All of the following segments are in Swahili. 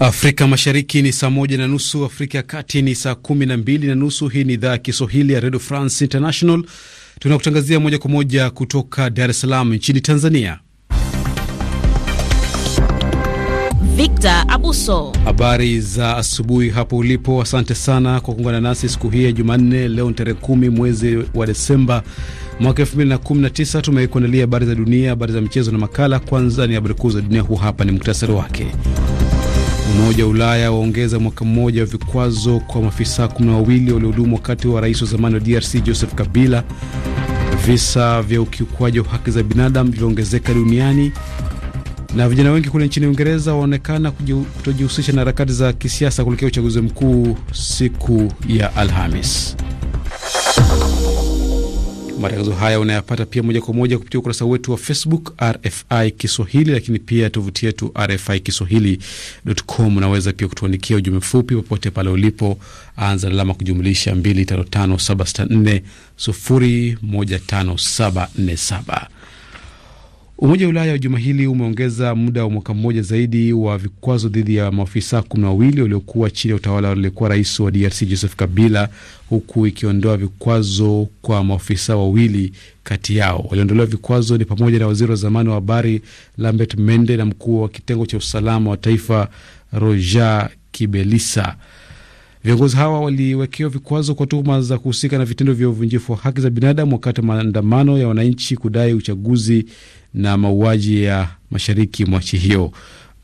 Afrika Mashariki ni saa moja na nusu, Afrika ya Kati ni saa kumi na mbili na nusu. Hii ni idhaa ya Kiswahili ya Redio France International, tunakutangazia moja kwa moja kutoka Dar es Salaam nchini Tanzania. Victor Abuso, habari za asubuhi hapo ulipo. Asante sana kwa kuungana nasi siku hii ya Jumanne. Leo ni tarehe kumi mwezi wa Desemba mwaka 2019. Tumekuandalia habari za dunia, habari za michezo na makala. Kwanza ni habari kuu za dunia, huu hapa ni muktasari wake. Umoja wa Ulaya waongeza mwaka mmoja wa vikwazo kwa maafisa kumi na wawili waliohudumu wakati wa rais wa zamani wa DRC Joseph Kabila. Visa vya ukiukwaji wa haki za binadamu vilivyoongezeka duniani, na vijana wengi kule nchini Uingereza waonekana kutojihusisha na harakati za kisiasa kuelekea uchaguzi mkuu siku ya Alhamis. Matangazo haya unayapata pia moja kwa moja kupitia ukurasa wetu wa Facebook RFI Kiswahili, lakini pia tovuti yetu RFI Kiswahili.com. Unaweza pia kutuandikia ujumbe mfupi popote pale ulipo, anza na alama kujumlisha 255 Umoja wa Ulaya juma hili umeongeza muda wa mwaka mmoja zaidi wa vikwazo dhidi ya maafisa kumi na wawili waliokuwa chini ya utawala aliyekuwa rais wa DRC Joseph Kabila, huku ikiondoa vikwazo kwa maafisa wawili kati yao. Waliondolewa vikwazo ni pamoja na waziri wa zamani wa habari Lambert Mende na mkuu wa kitengo cha usalama wa taifa Roger Kibelisa. Viongozi hawa waliwekewa vikwazo kwa tuhuma za kuhusika na vitendo vya uvunjifu wa haki za binadamu wakati wa maandamano ya wananchi kudai uchaguzi na mauaji ya mashariki mwa nchi hiyo.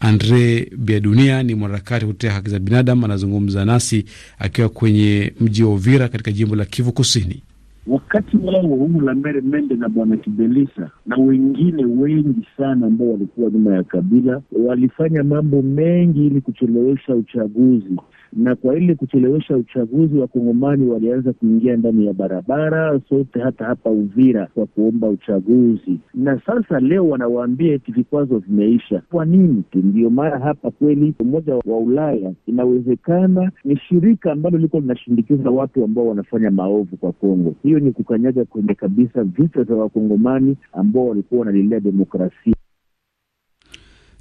Andre Biadunia ni mwanaharakati wa kutetea haki za binadamu, anazungumza nasi akiwa kwenye mji wa Uvira katika jimbo la Kivu Kusini. Wakati wao huu Lambert Mende na bwana Kibelisa na wengine wengi sana ambao walikuwa nyuma ya Kabila walifanya mambo mengi ili kuchelewesha uchaguzi na kwa ile kuchelewesha uchaguzi, wakongomani walianza kuingia ndani ya barabara sote, hata hapa Uvira, kwa kuomba uchaguzi, na sasa leo wanawaambia eti vikwazo vimeisha. Kwa nini? ndio maana hapa kweli Umoja wa Ulaya inawezekana ni shirika ambalo liko linashindikiza watu ambao wanafanya maovu kwa Kongo. Hiyo ni kukanyaga kwenye kabisa vichwa vya wakongomani ambao walikuwa wanalilia demokrasia.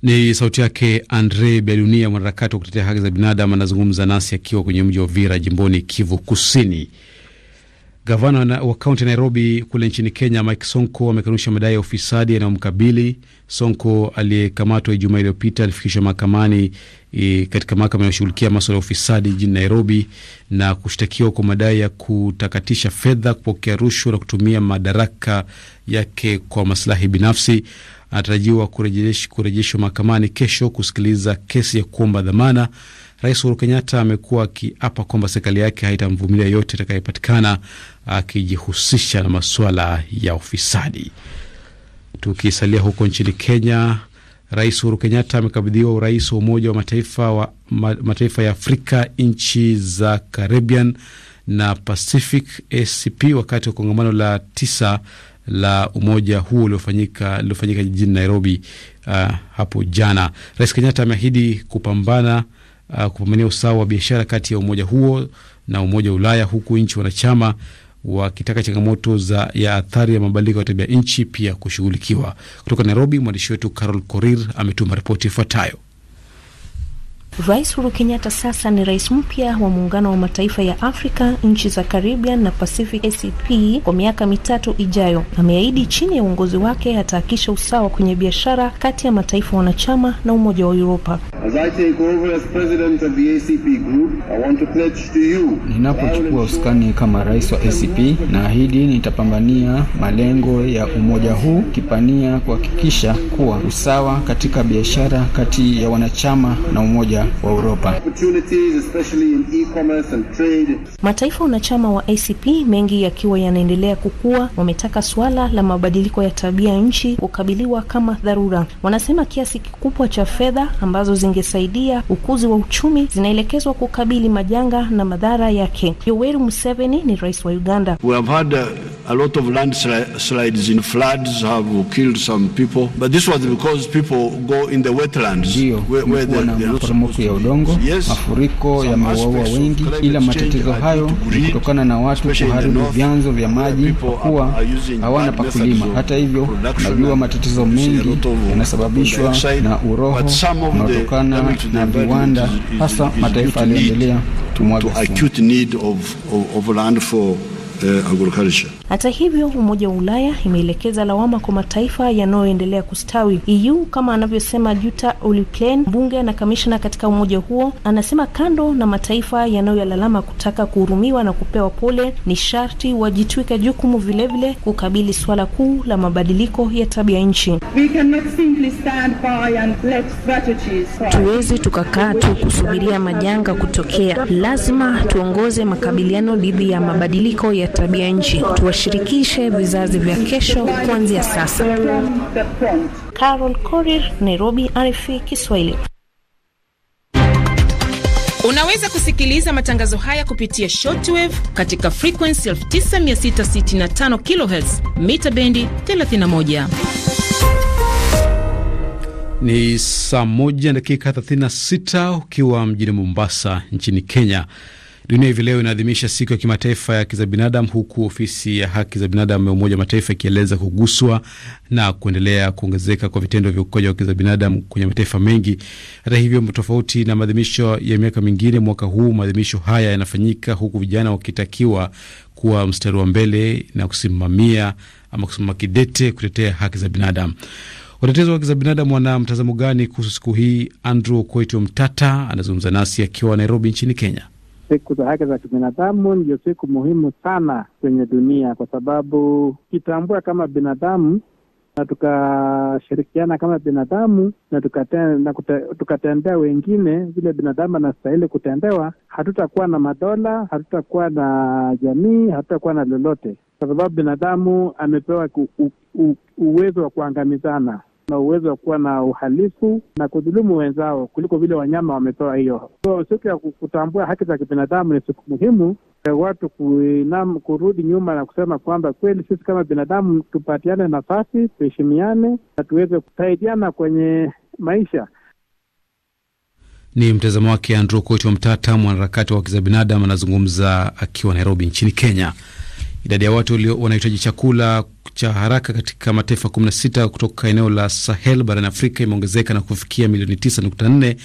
Ni sauti yake Andre Belunia, mwanaharakati wa kutetea haki za binadamu, anazungumza nasi akiwa kwenye mji wa vira jimboni Kivu Kusini. Gavana wa kaunti ya Nairobi kule nchini Kenya, Mike Sonko amekanusha madai ya ufisadi yanayomkabili. Sonko aliyekamatwa Ijumaa iliyopita alifikishwa mahakamani e, katika mahakama inayoshughulikia maswala ya ufisadi jijini Nairobi na kushtakiwa kwa madai ya kutakatisha fedha, kupokea rushwa na kutumia madaraka yake kwa masilahi binafsi. Anatarajiwa kurejeshwa mahakamani kesho kusikiliza kesi ya kuomba dhamana. Rais Uhuru Kenyatta amekuwa akiapa kwamba serikali yake haitamvumilia yote atakayepatikana akijihusisha na masuala ya ufisadi. Tukisalia huko nchini Kenya, Rais Uhuru Kenyatta amekabidhiwa urais wa Umoja wa Mataifa wa mataifa ya Afrika, nchi za Caribbean na Pacific ACP wakati wa kongamano la tisa la umoja huo uliofanyika jijini Nairobi uh, hapo jana. Rais Kenyatta ameahidi kupambana uh, kupambania usawa wa biashara kati ya umoja huo na umoja wa Ulaya, huku nchi wanachama wakitaka changamoto za ya athari ya mabadiliko ya tabia nchi pia kushughulikiwa. Kutoka Nairobi, mwandishi wetu Carol Korir ametuma ripoti ifuatayo. Rais Uhuru Kenyatta sasa ni rais mpya wa Muungano wa Mataifa ya Afrika, nchi za Caribbean na Pacific, ACP, e kwa miaka mitatu ijayo. Ameahidi chini ya uongozi wake atahakisha usawa kwenye biashara kati ya mataifa wanachama na Umoja wa Uropa. Ninapochukua usukani kama rais wa ACP, naahidi nitapambania malengo ya umoja huu, kipania kuhakikisha kuwa usawa katika biashara kati ya wanachama na umoja wa Uropa. Mataifa wanachama wa ACP mengi yakiwa yanaendelea kukua, wametaka suala la mabadiliko ya tabia nchi kukabiliwa kama dharura. Wanasema kiasi kikubwa cha fedha ambazo zingesaidia ukuzi wa uchumi zinaelekezwa kukabili majanga na madhara yake. Yoweri Museveni ni rais wa Uganda. We have had, uh... A lot of landslides in floods have killed some people, but this was because people go in the wetlands. Ndio kumekuwa na maporomoko ya udongo, mafuriko yamewaua wengi, ila matatizo hayo ni kutokana na watu kuharibu vyanzo vya maji kuwa hawana pakulima Hata hivyo, najua matatizo mengi yanasababishwa na uroho unaotokana na viwanda, hasa mataifa yaliyoendelea uh, agriculture hata hivyo, Umoja wa Ulaya imeelekeza lawama kwa mataifa yanayoendelea kustawi. EU kama anavyosema Jutta Olli mbunge na kamishna katika umoja huo, anasema kando na mataifa yanayoyalalama kutaka kuhurumiwa na kupewa pole, ni sharti wajitwika jukumu vilevile kukabili swala kuu la mabadiliko ya tabia nchi. Tuwezi tukakaa tu kusubiria majanga kutokea, lazima tuongoze makabiliano dhidi ya mabadiliko ya tabia nchi tushirikishe vizazi vya kesho kuanzia sasa. Carol Korir, Nairobi, RFI Kiswahili. Unaweza kusikiliza matangazo haya kupitia shortwave katika frequency 9665 kHz mita bendi 31. Ni saa moja dakika 36 ukiwa mjini Mombasa nchini Kenya. Dunia hivi leo inaadhimisha siku ya kimataifa ya haki za binadamu, huku ofisi ya haki za binadamu ya Umoja wa Mataifa ikieleza kuguswa na kuendelea kuongezeka kwa vitendo vya ukiukaji wa haki za binadamu kwenye mataifa mengi. Hata hivyo, tofauti na maadhimisho ya miaka mingine, mwaka huu maadhimisho haya yanafanyika huku vijana wakitakiwa kuwa mstari wa mbele na kusimamia ama kusimama kidete kutetea haki za binadamu. Watetezi wa haki za binadamu wana mtazamo gani kuhusu siku hii? Andrew Koitio Mtata anazungumza nasi akiwa Nairobi nchini Kenya. Siku za haki za kibinadamu ndio siku muhimu sana kwenye dunia, kwa sababu tukitambua kama binadamu na tukashirikiana kama binadamu na tukatendea tukate wengine vile binadamu anastahili kutendewa, hatutakuwa na madola, hatutakuwa na jamii, hatutakuwa na lolote, kwa sababu binadamu amepewa uwezo wa kuangamizana na uwezo wa kuwa na uhalifu na kudhulumu wenzao kuliko vile wanyama wamepewa hiyo. So siku ya kutambua haki za kibinadamu ni siku muhimu ya eh, watu kuinam, kurudi nyuma na kusema kwamba kweli sisi kama binadamu tupatiane nafasi, tuheshimiane na tuweze kusaidiana kwenye maisha. Ni mtazamo wake Andrew Koichi Mtata, mwanaharakati wa haki za binadamu, anazungumza akiwa Nairobi nchini Kenya. Idadi ya watu wanaohitaji chakula cha haraka katika mataifa 16 kutoka eneo la Sahel barani Afrika imeongezeka na kufikia milioni 9.4.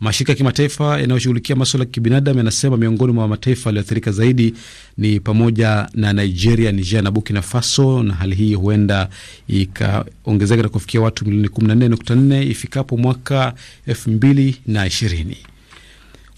Mashirika ya kimataifa yanayoshughulikia maswala ya kibinadamu yanasema miongoni mwa mataifa yaliyoathirika zaidi ni pamoja na Nigeria, Niger na Burkina Faso, na hali hii huenda ikaongezeka na kufikia watu milioni 14.4 ifikapo mwaka 2020.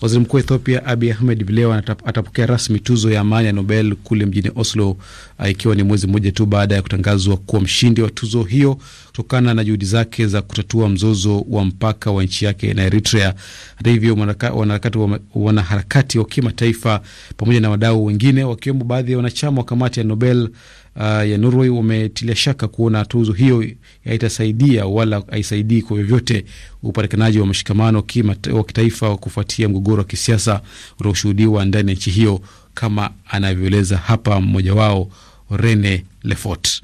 Waziri Mkuu wa Ethiopia Abiy Ahmed vileo atapokea rasmi tuzo ya amani ya Nobel kule mjini Oslo, uh, ikiwa ni mwezi mmoja tu baada ya kutangazwa kuwa mshindi wa tuzo hiyo kutokana na juhudi zake za kutatua mzozo wa mpaka wa nchi yake na Eritrea. Hata hivyo, wanaharakati wa, wanaharakati wa kimataifa pamoja na wadau wengine wakiwemo baadhi ya wanachama wa kamati ya Nobel uh, ya Norway wametilia shaka kuona tuzo hiyo haitasaidia wala haisaidii kwa vyovyote upatikanaji wa mshikamano wa kitaifa wa kufuatia mgogoro wa kisiasa unaoshuhudiwa ndani ya nchi hiyo, kama anavyoeleza hapa mmoja wao Rene Lefort.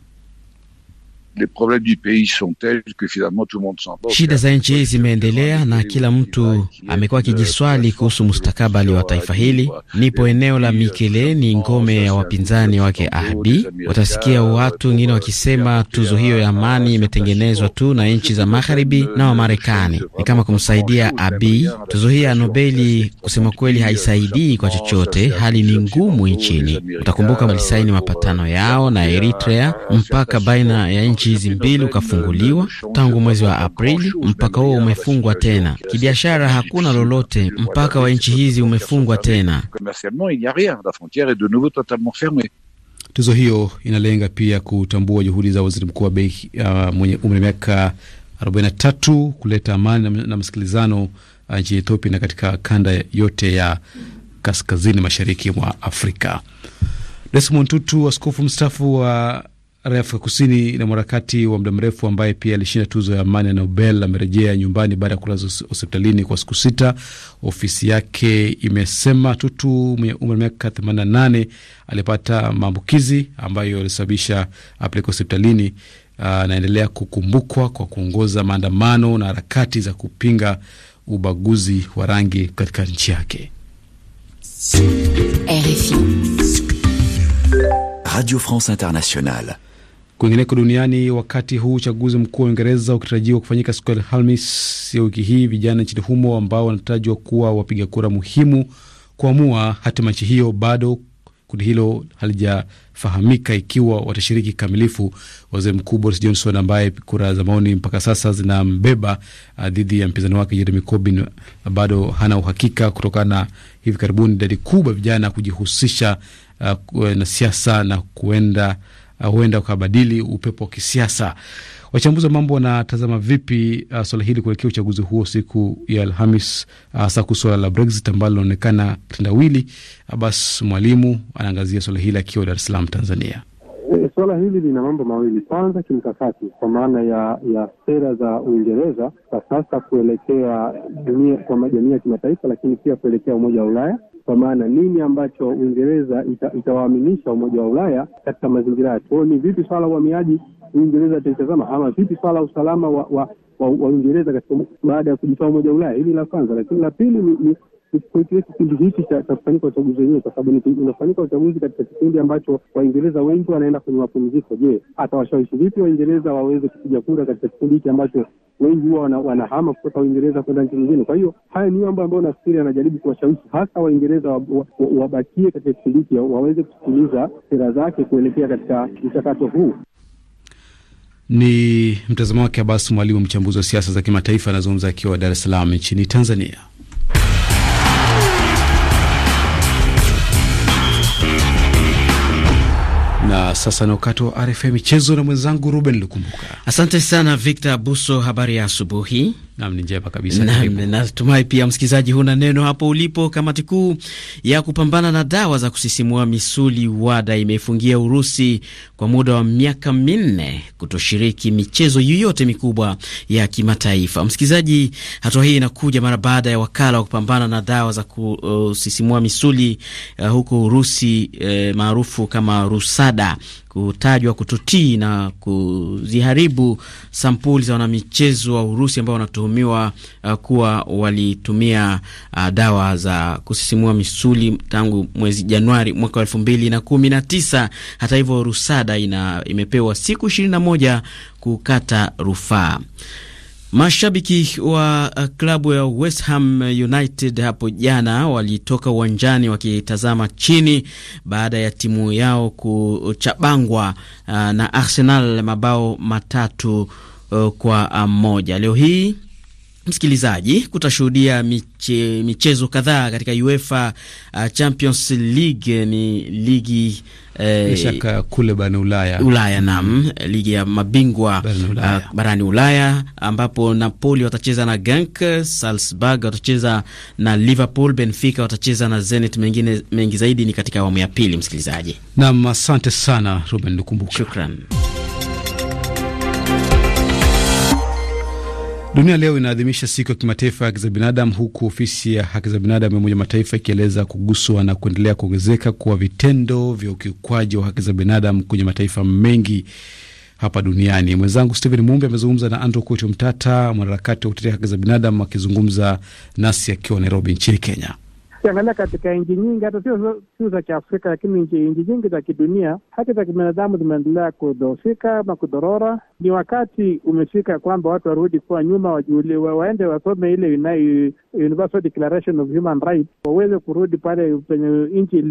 Shida za nchi hii zimeendelea na kila mtu amekuwa akijiswali kuhusu mustakabali wa taifa hili. Nipo eneo la Mikele, ni ngome ya wapinzani wake Ahdi. Watasikia watu wengine wakisema tuzo hiyo ya amani imetengenezwa tu na nchi za magharibi na Wamarekani, ni kama kumsaidia Abi. Tuzo hii ya Nobeli kusema kweli haisaidii kwa chochote, hali ni ngumu nchini. Utakumbuka walisaini mapatano yao na Eritrea, mpaka baina ya nchi nchi hizi mbili ukafunguliwa tangu mwezi wa Aprili. Mpaka huo umefungwa tena kibiashara, hakuna lolote. Mpaka wa nchi hizi umefungwa tena. Tuzo hiyo inalenga pia kutambua juhudi za waziri mkuu wa bei uh, mwenye umri wa miaka 43 kuleta amani na, na msikilizano uh, nchini Ethiopia na katika kanda yote ya kaskazini mashariki mwa Afrika. Desmond Tutu, askofu mstaafu wa Afrika Kusini na mwanaharakati wa muda mrefu ambaye pia alishinda tuzo ya amani ya Nobel amerejea nyumbani baada ya kulazwa hospitalini kwa siku sita. Ofisi yake imesema Tutu mwenye umri wa miaka 88 alipata maambukizi ambayo alisababisha apelekwa hospitalini. Uh, anaendelea uh, kukumbukwa kwa kuongoza maandamano na harakati za kupinga ubaguzi wa rangi katika nchi yake. Radio France Internationale Kwingineko duniani, wakati huu uchaguzi mkuu wa Uingereza ukitarajiwa kufanyika siku ya Alhamis ya wiki hii, vijana nchini humo ambao wanatajwa kuwa wapiga kura muhimu kuamua hatima nchi hiyo, bado kundi hilo halijafahamika ikiwa watashiriki kikamilifu. Waziri Mkuu Boris Johnson ambaye kura za maoni mpaka sasa zinambeba ah, dhidi ya mpinzani wake Jeremy Corbyn bado hana uhakika kutokana na hivi karibuni idadi kubwa vijana kujihusisha uh, na siasa na kuenda Ah, huenda uh, ukabadili upepo wa kisiasa. Wachambuzi wa mambo wanatazama vipi uh, swala hili kuelekea uchaguzi huo siku ya Alhamis, ah, hasa uh, kuhusu swala la Brexit ambalo linaonekana kitendawili. Abbas Mwalimu anaangazia swala hili akiwa Dar es Salaam, Tanzania. E, eh, suala hili lina mambo mawili. Kwanza kimkakati, kwa maana ya ya sera za Uingereza kwa sasa kuelekea dunia, kwa jamii ya kimataifa, lakini pia kuelekea Umoja wa Ulaya kwa maana nini ambacho Uingereza ita, itawaaminisha Umoja wa Ulaya katika mazingira yake. Kwao ni vipi swala la uhamiaji Uingereza itaitazama ama vipi swala usalama wa wa, wa, wa Uingereza katika baada ya kujitoa Umoja wa Ulaya? Hili la kwanza, lakini la pili ni, ni kile kipindi hiki cha kufanyika uchaguzi wenyewe, kwa sababu unafanyika uchaguzi katika kipindi ambacho Waingereza wengi wanaenda kwenye mapumziko. Je, atawashawishi vipi Waingereza waweze kupiga kura katika kipindi hiki ambacho wengi huwa wanahama kutoka Uingereza kwenda nchi nyingine? Kwa hiyo haya ni mambo ambayo nafikiri anajaribu kuwashawishi hasa Waingereza wabakie katika kipindi hiki, waweze kusikiliza sera zake kuelekea katika mchakato huu. Ni mtazamo wake abas Mwalimu, mchambuzi wa siasa za kimataifa, anazungumza akiwa Dar es Salaam nchini Tanzania. Na sasa ni wakati wa RFI michezo na mwenzangu Ruben Lukumbuka. Asante sana Victor Buso, habari ya asubuhi. Nam, ni njema kabisa. Natumai pia msikilizaji, huna neno hapo ulipo. Kamati kuu ya kupambana na dawa za kusisimua misuli WADA imeifungia Urusi kwa muda wa miaka minne kutoshiriki michezo yoyote mikubwa ya kimataifa. Msikilizaji, hatua hii inakuja mara baada ya wakala wa kupambana na dawa za kusisimua misuli uh, huko Urusi uh, maarufu kama RUSADA kutajwa kutotii na kuziharibu sampuli za wanamichezo wa Urusi ambao wanatuhumiwa uh, kuwa walitumia uh, dawa za kusisimua misuli tangu mwezi Januari mwaka wa elfu mbili na kumi na tisa. Hata hivyo, rusada ina, imepewa siku ishirini na moja kukata rufaa. Mashabiki wa uh, klabu ya West Ham United hapo jana walitoka uwanjani wakitazama chini baada ya timu yao kuchabangwa uh, na Arsenal mabao matatu uh, kwa moja. Leo hii msikilizaji, kutashuhudia miche, michezo kadhaa katika UEFA uh, Champions League. Ni ligi eh, shaka kule barani Ulaya, Ulaya nam ligi ya mabingwa barani uh, Ulaya, uh, barani Ulaya ambapo Napoli watacheza na Genk, Salzburg watacheza na Liverpool, Benfica watacheza na Zenit. Mengine mengi zaidi ni katika awamu ya pili, msikilizaji. Nam, asante sana Ruben shukran. Dunia leo inaadhimisha siku ya kimataifa ya haki za binadamu, huku ofisi ya haki za binadamu ya Umoja Mataifa ikieleza kuguswa na kuendelea kuongezeka kwa vitendo vya ukiukwaji wa haki za binadamu kwenye mataifa mengi hapa duniani. Mwenzangu Stephen Mumbi amezungumza na Andrew Kuito Mtata, mwanaharakati wa kutetea haki za binadamu, akizungumza nasi akiwa Nairobi nchini Kenya. Ukiangalia katika nchi nyingi, hata sio sio za Kiafrika, lakini nchi nyingi za kidunia, haki za kibinadamu zimeendelea kudhoofika ama kudhorora. Ni wakati umefika kwamba watu warudi kuwa nyuma, wajiulie, waende wasome ile inayo Universal Declaration of Human Rights, waweze kurudi pale penye nchi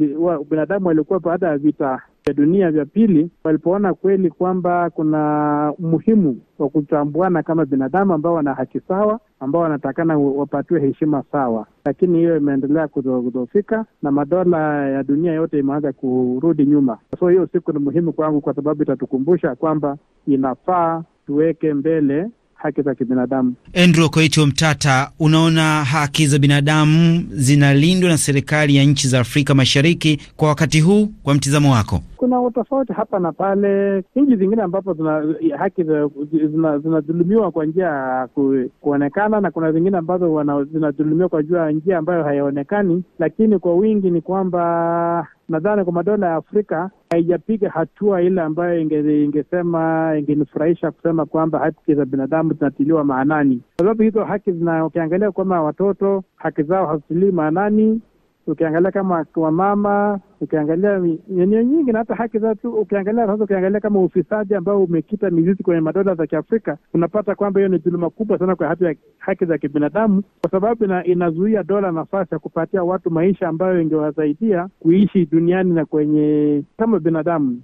binadamu walikuwa baada ya vita vya dunia vya pili, walipoona kweli kwamba kuna umuhimu wa kutambuana kama binadamu ambao wana haki sawa, ambao wanatakana wapatiwe heshima sawa, lakini hiyo imeendelea kudhoofika na madola ya dunia yote imeanza kurudi nyuma. So hiyo siku ni muhimu kwangu, kwa sababu itatukumbusha kwamba inafaa tuweke mbele haki za kibinadamu. Andrew Koitio Mtata, unaona haki za binadamu zinalindwa na serikali ya nchi za Afrika Mashariki kwa wakati huu, kwa mtizamo wako? kuna utofauti hapa na pale. Nchi zingine ambapo zina haki zinadhulumiwa kwa njia ya kuonekana, na kuna zingine ambazo zinadhulumiwa kwa jua njia ambayo haionekani lakini kwa wingi ni kwamba nadhani kwa madola ya Afrika haijapiga hatua ile ambayo ingesema ingenifurahisha kusema kwamba haki za binadamu zinatiliwa maanani, kwa sababu hizo haki zina, ukiangalia watoto haki zao hazitilii maanani, ukiangalia kama wamama, ukiangalia eneo nyingi na hata haki za tu, ukiangalia sasa, ukiangalia kama ufisadi ambao umekita mizizi kwenye madola za Kiafrika, unapata kwamba hiyo ni dhuluma kubwa sana kwa haki, haki za kibinadamu, kwa sababu ina, inazuia dola nafasi ya kupatia watu maisha ambayo ingewasaidia kuishi duniani na kwenye kama binadamu.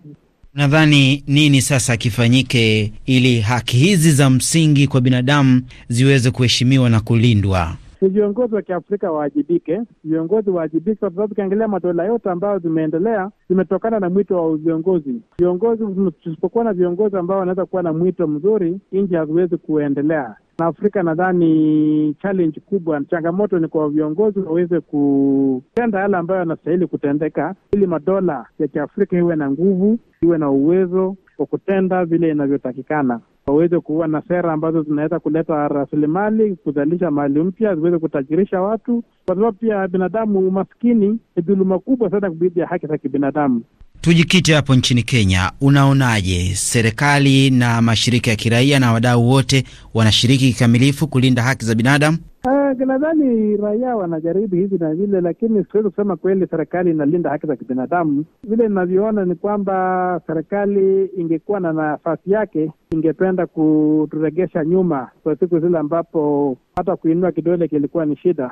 Nadhani nini sasa kifanyike ili haki hizi za msingi kwa binadamu ziweze kuheshimiwa na kulindwa? ni viongozi wa Kiafrika waajibike viongozi waajibike kwa sababu ukiangalia madola yote ambayo zimeendelea zimetokana na mwito wa viongozi. Viongozi, tusipokuwa na viongozi ambao wanaweza kuwa na mwito mzuri, nchi haziwezi kuendelea na Afrika nadhani challenge kubwa, changamoto ni kwa viongozi waweze kutenda yale ambayo yanastahili kutendeka, ili madola ya Kiafrika iwe na nguvu, iwe na uwezo wa kutenda vile inavyotakikana waweze kuwa na sera ambazo zinaweza kuleta rasilimali, kuzalisha mali mpya, ziweze kutajirisha watu, kwa sababu pia binadamu, umaskini ni dhuluma kubwa sana kubidi ya haki za kibinadamu. Tujikite hapo nchini Kenya, unaonaje? Serikali na mashirika ya kiraia na wadau wote wanashiriki kikamilifu kulinda haki za binadamu? Ah, nadhani raia wanajaribu hivi na vile, lakini siwezi kusema kweli serikali inalinda haki za kibinadamu. Vile ninavyoona ni kwamba serikali ingekuwa na nafasi yake, ingependa kuturegesha nyuma kwa siku zile ambapo hata kuinua kidole kilikuwa ni shida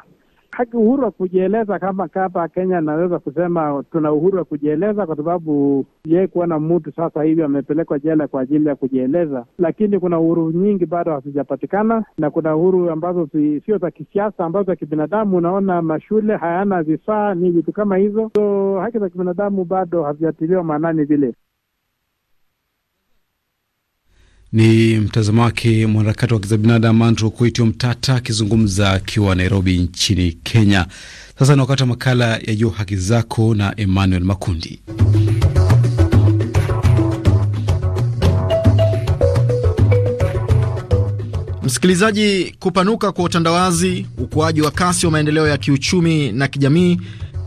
haki, uhuru wa kujieleza. Kama hapa Kenya naweza kusema tuna uhuru wa kujieleza, kwa sababu yeye kuona mtu sasa hivi amepelekwa jela kwa ajili ya kujieleza, lakini kuna uhuru nyingi bado hazijapatikana, na kuna uhuru ambazo sio za kisiasa, ambazo za kibinadamu. Unaona, mashule hayana vifaa, ni vitu kama hizo. So haki za kibinadamu bado hazijatiliwa maanani vile. Ni mtazamo wake mwanaharakati wa haki za binadamu Andrew Koitio Mtata akizungumza akiwa Nairobi nchini Kenya. Sasa ni wakati wa makala ya Jua Haki Zako na Emmanuel Makundi. Msikilizaji, kupanuka kwa utandawazi, ukuaji wa kasi wa maendeleo ya kiuchumi na kijamii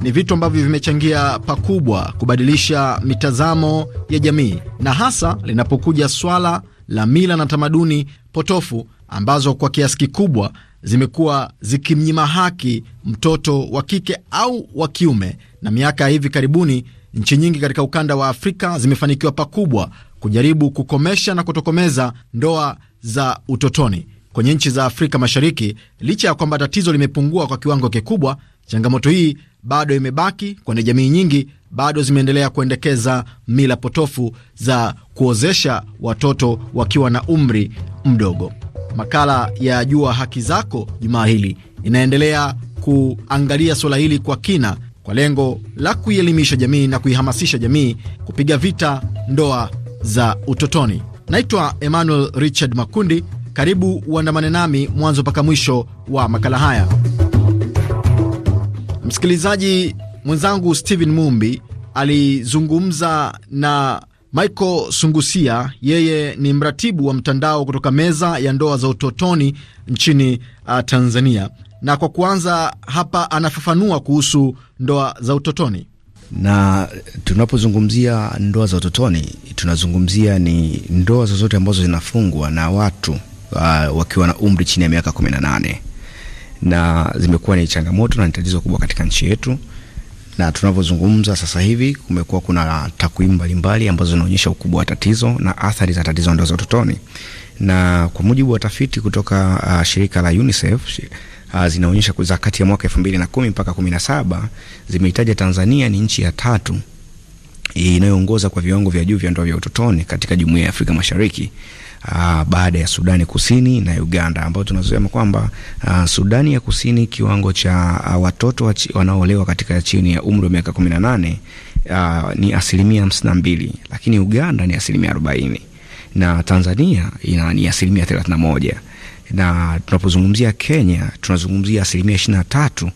ni vitu ambavyo vimechangia pakubwa kubadilisha mitazamo ya jamii na hasa linapokuja swala la mila na tamaduni potofu ambazo kwa kiasi kikubwa zimekuwa zikimnyima haki mtoto wa kike au wa kiume. Na miaka ya hivi karibuni, nchi nyingi katika ukanda wa Afrika zimefanikiwa pakubwa kujaribu kukomesha na kutokomeza ndoa za utotoni. Kwenye nchi za Afrika Mashariki, licha ya kwamba tatizo limepungua kwa kiwango kikubwa, changamoto hii bado imebaki, kwani jamii nyingi bado zimeendelea kuendekeza mila potofu za kuozesha watoto wakiwa na umri mdogo. Makala ya Jua Haki Zako jumaa hili inaendelea kuangalia suala hili kwa kina kwa lengo la kuielimisha jamii na kuihamasisha jamii kupiga vita ndoa za utotoni. Naitwa Emmanuel Richard Makundi. Karibu uandamane nami mwanzo mpaka mwisho wa makala haya. Msikilizaji mwenzangu stehen Mumbi alizungumza na Michael Sungusia, yeye ni mratibu wa mtandao kutoka meza ya ndoa za utotoni nchini uh, Tanzania, na kwa kuanza hapa anafafanua kuhusu ndoa za utotoni. Na tunapozungumzia ndoa za utotoni, tunazungumzia ni ndoa zozote ambazo zinafungwa na watu uh, wakiwa na umri chini ya miaka kumi na nane na zimekuwa ni changamoto na ni tatizo kubwa katika nchi yetu, na tunavyozungumza sasa hivi kumekuwa kuna takwimu mbalimbali ambazo zinaonyesha ukubwa wa tatizo na athari za tatizo ndoa za utotoni, na kwa mujibu wa tafiti kutoka uh, shirika la UNICEF uh, zinaonyesha za kati ya mwaka 2010 mpaka 17 zimehitaja Tanzania ni nchi ya tatu inayoongoza kwa viwango vya juu vya ndoa vya utotoni katika jumuiya ya Afrika Mashariki uh, baada ya Sudani Kusini na Uganda, ambayo tunasema kwamba uh, Sudani ya Kusini kiwango cha uh, watoto wanaoolewa katika chini ya umri wa miaka 18 uh, ni asilimia hamsini na mbili, lakini Uganda ni asilimia arobaini na Tanzania ina ni asilimia thelathini na moja na tunapozungumzia Kenya tunazungumzia asilimia ishirini na tatu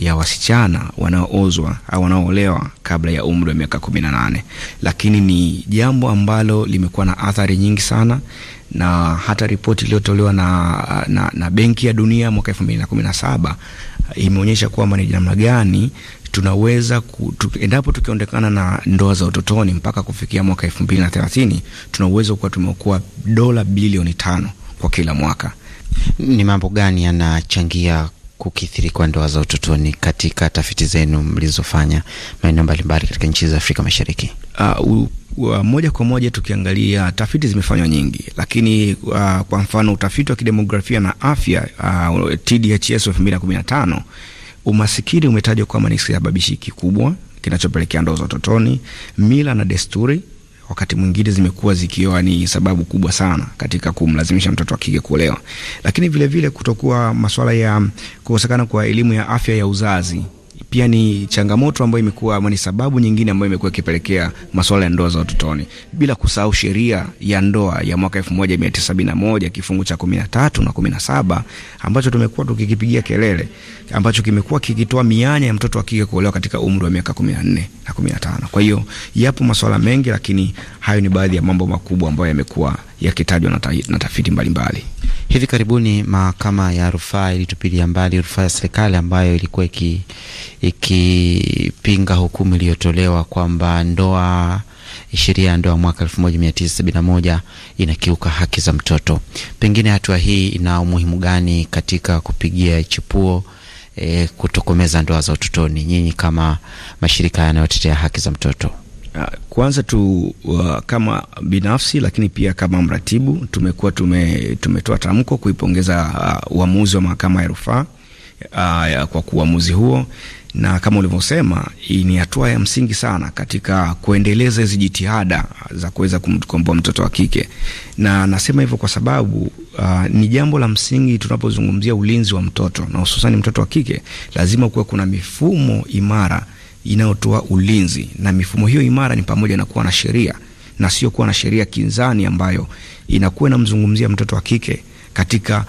ya wasichana wanaoozwa au wanaoolewa kabla ya umri wa miaka 18 lakini ni jambo ambalo limekuwa na athari nyingi sana na hata ripoti iliyotolewa na, na, na Benki ya Dunia mwaka 2017 eh, imeonyesha kwamba ni namna gani tunaweza ku, tu, endapo tukiondekana na ndoa za utotoni mpaka kufikia mwaka 2030 tuna uwezo kuwa tumeokoa dola bilioni tano kwa kila mwaka. Ni mambo gani yanachangia kukithiri kwa ndoa za utotoni katika tafiti zenu mlizofanya maeneo mbalimbali katika nchi za Afrika Mashariki? Uh, uh, moja kwa moja tukiangalia tafiti zimefanywa nyingi, lakini uh, kwa mfano utafiti wa kidemografia na afya uh, TDHS elfu mbili na kumi na tano umasikini umetajwa kwamba ni kisababishi kikubwa kinachopelekea ndoa za utotoni. Mila na desturi wakati mwingine zimekuwa zikiwa ni sababu kubwa sana katika kumlazimisha mtoto wa kike kuolewa, lakini vilevile kutokuwa masuala ya kukosekana kwa elimu ya afya ya uzazi pia ni changamoto ambayo imekuwa ama ni sababu nyingine ambayo imekuwa ikipelekea masuala ya ndoa za utotoni, bila kusahau sheria ya ndoa ya mwaka 1971 kifungu cha 13 na 17 ambacho tumekuwa tukikipigia kelele, ambacho kimekuwa kikitoa mianya ya mtoto wa kike kuolewa katika umri wa miaka 14 na 15. Kwa hiyo yapo masuala mengi, lakini hayo ni baadhi ya mambo makubwa ambayo yamekuwa yakitajwa na tafiti mbalimbali. Hivi karibuni mahakama ya rufaa ilitupilia mbali rufaa ya serikali ambayo ilikuwa ikipinga iki hukumu iliyotolewa kwamba ndoa sheria ya ndoa mwaka 1971 inakiuka haki za mtoto. Pengine hatua hii ina umuhimu gani katika kupigia chipuo e, kutokomeza ndoa za utotoni, nyinyi kama mashirika yanayotetea haki za mtoto? Ah, kwanza tu uh, kama binafsi lakini pia kama mratibu tumekuwa tume, tumetoa tamko kuipongeza uh, uamuzi uh, wa mahakama ya rufaa uh, kwa uamuzi huo, na kama ulivyosema, hii ni hatua ya msingi sana katika kuendeleza hizi jitihada za kuweza kumkomboa mtoto wa kike, na nasema hivyo kwa sababu uh, ni jambo la msingi tunapozungumzia ulinzi wa mtoto na hususani mtoto wa kike, lazima kuwe kuna mifumo imara inayotoa ulinzi, na mifumo hiyo imara ni pamoja na kuwa na sheria na sio kuwa na sheria kinzani ambayo inakuwa inamzungumzia mtoto wa kike katika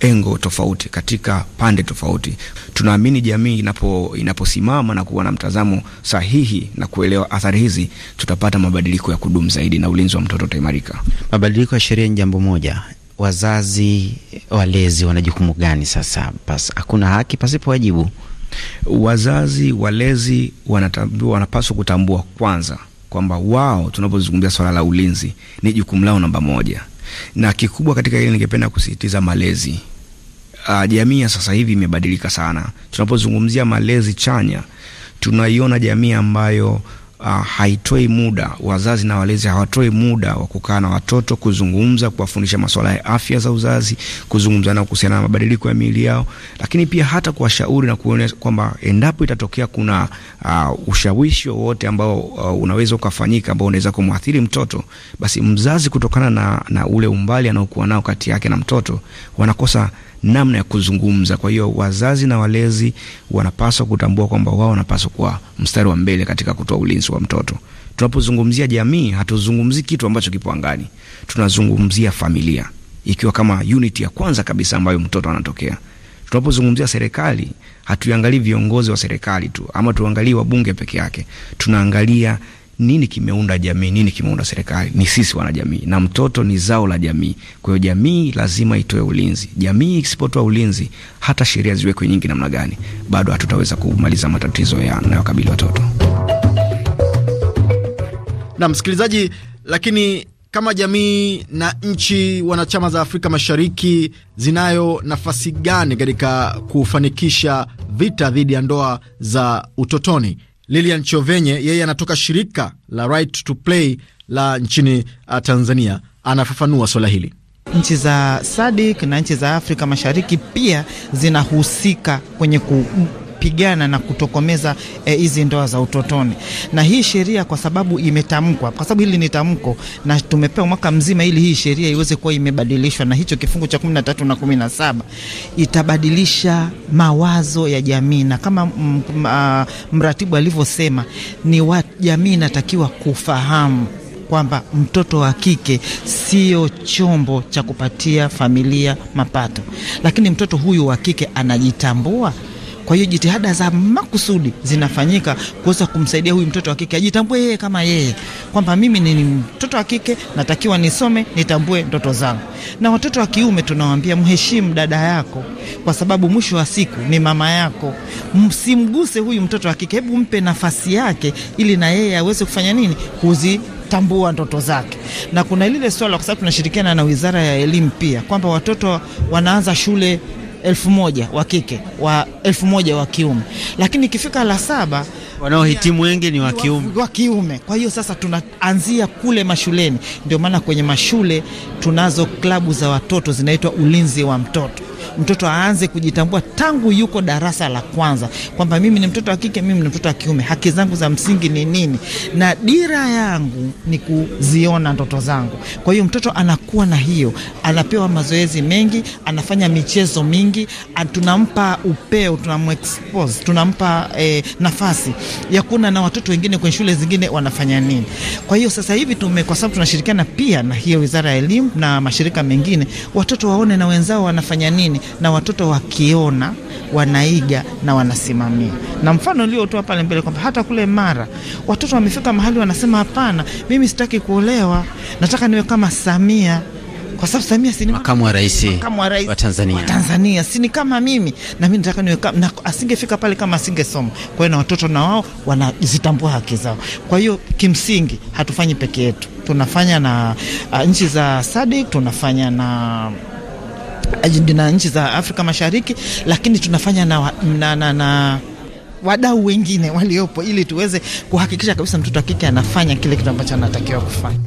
engo tofauti, katika pande tofauti. Tunaamini jamii inapo inaposimama na kuwa na mtazamo sahihi na kuelewa athari hizi, tutapata mabadiliko ya kudumu zaidi na ulinzi wa mtoto utaimarika. Mabadiliko ya sheria ni jambo moja, wazazi walezi wana jukumu gani sasa? Pas, hakuna haki pasipo wajibu. Wazazi walezi wanatambua, wanapaswa kutambua kwanza kwamba wao, tunapozungumzia swala la ulinzi, ni jukumu lao namba moja, na kikubwa katika hili ningependa kusisitiza malezi. Uh, jamii ya sasa hivi imebadilika sana. Tunapozungumzia malezi chanya, tunaiona jamii ambayo uh, haitoi muda, wazazi na walezi hawatoi muda wa kukaa na watoto kuzungumza, kuwafundisha masuala ya afya za uzazi, kuzungumza nao kuhusiana na mabadiliko ya miili yao, lakini pia hata kuwashauri na kuonea kwamba endapo itatokea kuna uh, ushawishi wowote ambao uh, unaweza ukafanyika ambao unaweza kumwathiri mtoto, basi mzazi kutokana na, na ule umbali anaokuwa nao kati yake na mtoto wanakosa namna ya kuzungumza. Kwa hiyo wazazi na walezi wanapaswa kutambua kwamba wao wanapaswa kuwa mstari wa mbele katika kutoa ulinzi wa mtoto. Tunapozungumzia jamii, hatuzungumzi kitu ambacho kipo angani, tunazungumzia familia ikiwa kama unit ya kwanza kabisa ambayo mtoto anatokea. Tunapozungumzia serikali, hatuangalii viongozi wa serikali tu ama tuangalii wabunge peke yake, tunaangalia nini kimeunda jamii, nini kimeunda serikali? Ni sisi wanajamii, na mtoto ni zao la jamii. Kwa hiyo jamii lazima itoe ulinzi. Jamii isipotoa ulinzi, hata sheria ziwekwe nyingi namna gani, bado hatutaweza kumaliza matatizo yanayokabili watoto na msikilizaji. Lakini kama jamii na nchi wanachama za Afrika Mashariki zinayo nafasi gani katika kufanikisha vita dhidi ya ndoa za utotoni? Lilian Chovenye, yeye anatoka shirika la Right to Play la nchini uh, Tanzania, anafafanua swala hili. Nchi za SADC na nchi za Afrika Mashariki pia zinahusika kwenye ku kupigana na kutokomeza eh, hizi e, ndoa za utotoni. Na hii sheria kwa sababu imetamkwa, kwa sababu hili ni tamko, na tumepewa mwaka mzima ili hii sheria iweze kuwa imebadilishwa, na hicho kifungu cha 13 na 17 itabadilisha mawazo ya jamii, na kama m, m, mratibu alivyosema, ni wa jamii inatakiwa kufahamu kwamba mtoto wa kike sio chombo cha kupatia familia mapato, lakini mtoto huyu wa kike anajitambua. Kwa hiyo jitihada za makusudi zinafanyika kuweza kumsaidia huyu mtoto wa kike ajitambue yeye kama yeye, kwamba mimi ni mtoto wa kike, natakiwa nisome, nitambue ndoto zangu. Na watoto wa kiume tunawaambia mheshimu dada yako, kwa sababu mwisho wa siku ni mama yako. Msimguse huyu mtoto wa kike, hebu mpe nafasi yake, ili na yeye aweze kufanya nini, kuzi tambua ndoto zake. Na kuna lile swala, kwa sababu tunashirikiana na Wizara ya Elimu pia, kwamba watoto wanaanza shule elfu moja wa kike wa elfu moja wa kiume, lakini ikifika la saba wanaohitimu wengi ni wa kiume wa kiume. Kwa hiyo sasa tunaanzia kule mashuleni, ndio maana kwenye mashule tunazo klabu za watoto zinaitwa ulinzi wa mtoto mtoto aanze kujitambua tangu yuko darasa la kwanza, kwamba mimi ni mtoto wa kike, mimi ni mtoto wa kiume, haki zangu za msingi ni nini, na dira yangu ni kuziona ndoto zangu. Kwa hiyo mtoto anakuwa na hiyo, anapewa mazoezi mengi, anafanya michezo mingi, tunampa upeo, tunamexpose, tunampa eh, nafasi ya kuna na watoto wengine kwenye shule zingine wanafanya nini. Kwa hiyo sasa hivi tume, kwa sababu tunashirikiana pia na hiyo Wizara ya Elimu na mashirika mengine, watoto waone na wenzao wanafanya nini nyumbani na watoto wakiona wanaiga na wanasimamia. Na mfano uliotoa pale mbele kwamba hata kule Mara watoto wamefika mahali wanasema, hapana, mimi sitaki kuolewa, nataka niwe kama Samia kwa sababu Samia si makamu wa rais wa Tanzania, wa Tanzania si ni kama mimi na mimi nataka niwe kama, asingefika pale kama asingesoma. Kwa hiyo na watoto na wao wanazitambua haki zao. Kwa hiyo kimsingi hatufanyi peke yetu, tunafanya na uh, nchi za SADC tunafanya na na nchi za Afrika Mashariki, lakini tunafanya na, na, na, na wadau wengine waliopo ili tuweze kuhakikisha kabisa mtoto wa kike anafanya kile kitu ambacho anatakiwa kufanya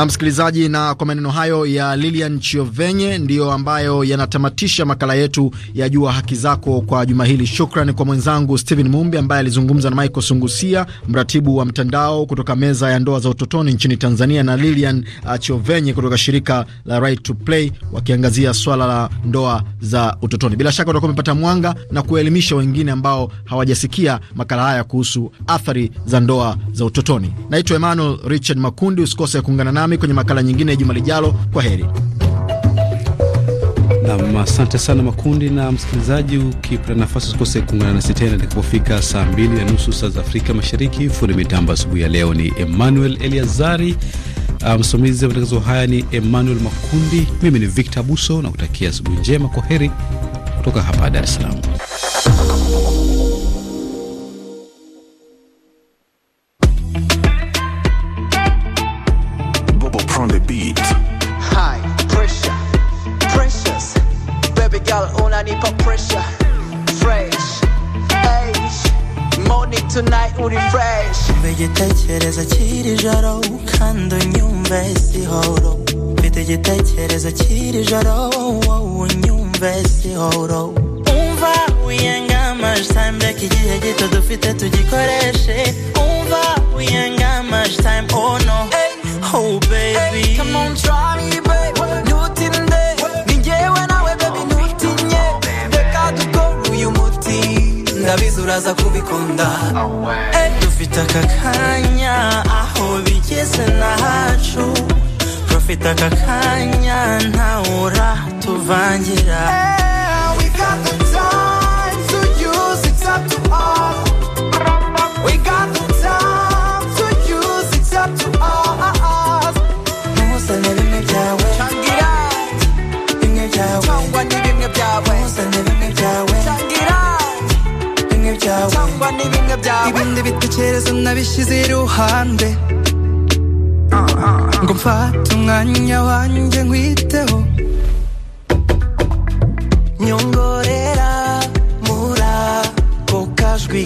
na msikilizaji, na kwa maneno hayo ya Lilian Chiovenye ndiyo ambayo yanatamatisha makala yetu ya Jua Haki Zako kwa juma hili. Shukran kwa mwenzangu Stephen Mumbi ambaye alizungumza na Michael Sungusia, mratibu wa mtandao kutoka meza ya ndoa za utotoni nchini Tanzania, na Lilian uh, Chiovenye kutoka shirika la Right to Play wakiangazia swala la ndoa za utotoni. Bila shaka utakuwa umepata mwanga na kuwaelimisha wengine ambao hawajasikia makala haya kuhusu athari za ndoa za utotoni. Naitwa Emmanuel Richard Makundi, usikose kuungana nami nami kwenye makala nyingine juma lijalo. Kwa heri. Nam, asante sana Makundi. Na msikilizaji, ukipata nafasi usikose kuungana nasi tena itakapofika saa mbili na nusu saa za Afrika Mashariki. Fundi mitambo asubuhi ya leo ni Emmanuel Eliazari, ah, msimamizi um, wa matangazo haya ni Emmanuel Makundi. Mimi ni Victor Buso na kutakia asubuhi njema. Kwa heri kutoka hapa Dar es Salaam. 우린 fresh 왜 대체 그래서 지리저러 욱한도 뉴베 시호로 왜 대체 그래서 지리저러 와우 뉴베 시호로 umva uyangama time reka igihe gito dufite tugikoreshe umva uyangama time oh no hey, oh baby hey, come on try me urabizi uraza kubikunda dufite eh, aka kanya aho bigeze nahacu dufite aka kanya ntawe uratuvangira eh. bitugeraza nabishyize iruhande ngo mfate umwanya wanjye nkwiteho nyongorera mura ako kajwi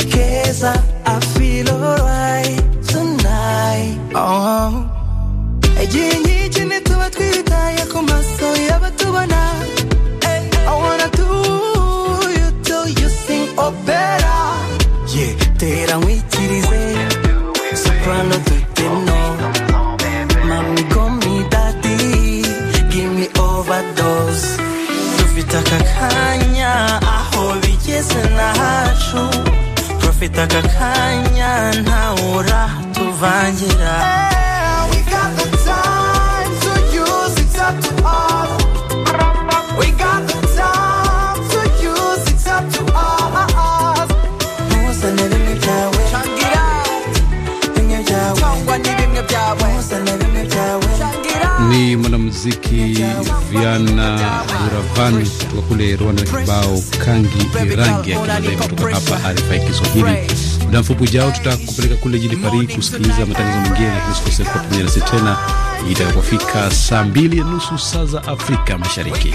akanya aho bigeze nacu dufite aka kanya ntawe uratuvangira ntuzane bimwe byawe bimwe byawe ntuzane mwanamuziki Viana Buravan kutoka kule Rwanda na kibao kangi rangi ya kimadai kutoka hapa Arifa ya Kiswahili. Muda mfupi ujao tutakupeleka kule jijini Paris kusikiliza matangazo mengine, lakini usikose kuwa pamoja nasi tena itakapofika saa mbili na nusu saa za Afrika Mashariki.